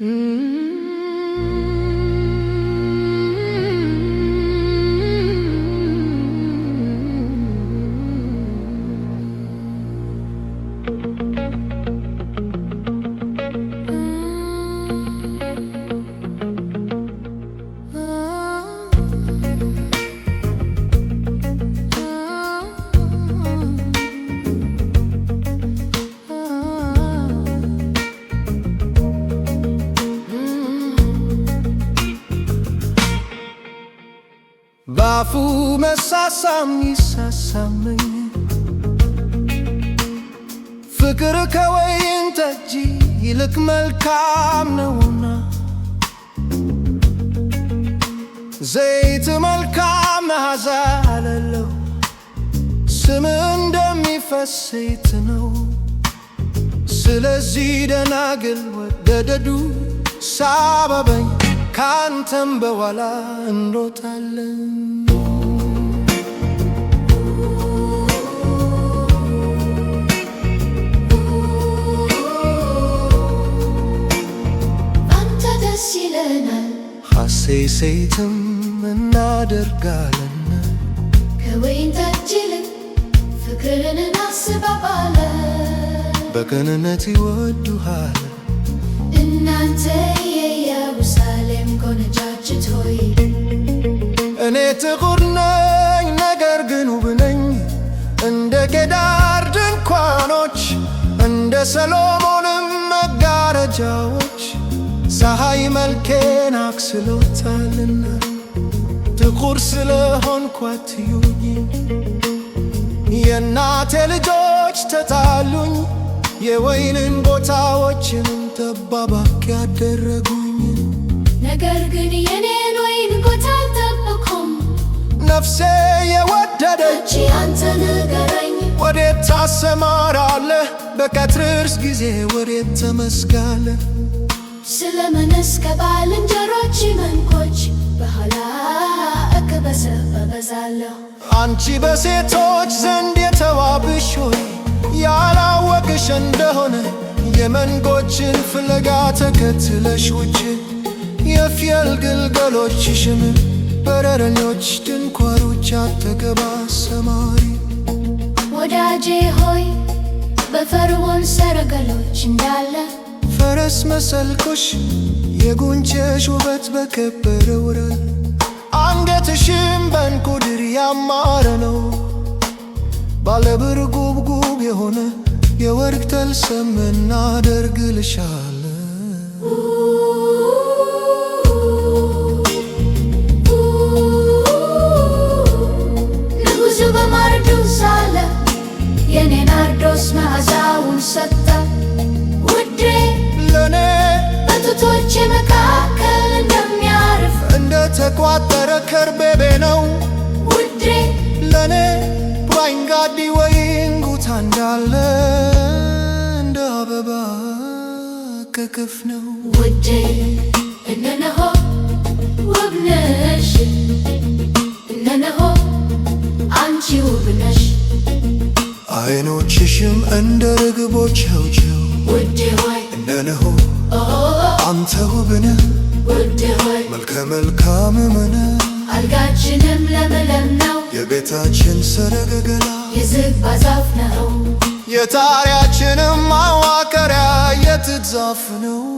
Mm-hmm. ባፉ መሳሳም ይሳሳምኝ ፍቅር ከወይን ጠጅ ይልቅ መልካም ነውና ዘይት መልካም መዓዛ አለለው ስም እንደሚፈስ ዘይት ነው። ስለዚህ ደናግል ወደደዱ ሳበበኝ ካንተም በኋላ እንሮጣለን። አንተ ደስ ይለናል፣ ሴትም እናደርጋለን ከወይን ጠጅ ፍቅርን እናስባባለ በቅንነት ይወዱሃል እናንተ እኔ ጥቁር ነኝ፣ ነገር ግን ውብ ነኝ እንደ ቄዳር ድንኳኖች እንደ ሰሎሞንም መጋረጃዎች ፀሐይ መልኬን አክስሎታልና ጥቁር ስለሆንኩ አትዩኝ። የእናቴ ልጆች ተጣሉኝ፣ የወይንን ቦታዎችንም ጠባብ አደረጉ። ነገር ግን የኔን ወይን ጎታ አልጠበኩም። ነፍሴ የወደደች አንተ ንገረኝ፣ ወዴት ታሰማራለህ? በቀትርስ ጊዜ ወዴት ተመስጋለህ? ስለምንስ ከባልንጀሮች መንኮች በኋላ እክበስህ እበዛለሁ። አንቺ በሴቶች ዘንድ የተዋብሽ ሆይ ያላወቅሽ እንደሆነ የመንጎችን ፍለጋ ተከትለሽ ውጭ በፊያል ግልገሎችሽን በረረኞች ድንኳኖች አጠገብ ሰማሪ ወዳጄ ሆይ በፈርዖን ሰረገሎች እንዳለ ፈረስ መሰልኩሽ የጉንጭሽ ውበት በከበረ ውረል አንገትሽም በእንቁድር ያማረ ነው። ባለብር ጉብጉብ የሆነ የወርቅ ተልሰም እናደርግልሻለን። የተቋጠረ ከርቤቤ ነው ውዴ ለእኔ ባይንጋዲ ወይን ጉታ እንዳለ እንደ አበባ ከክፍ ነው ውዴ እነነሆ ውብነሽ እነነሆ አንቺ ውብነሽ አይኖችሽም እንደ ርግቦች ቸውቸው ውዴ ወይ እነነሆ አንተ ውብነ ውድ ሆይ መልከ መልካም ምን አልጋችንም ለምለም ነው። የቤታችን የዝግባ ዛፍ ነው። የጣሪያችንም ማዋቀሪያ የጥድ ዛፍ ነው።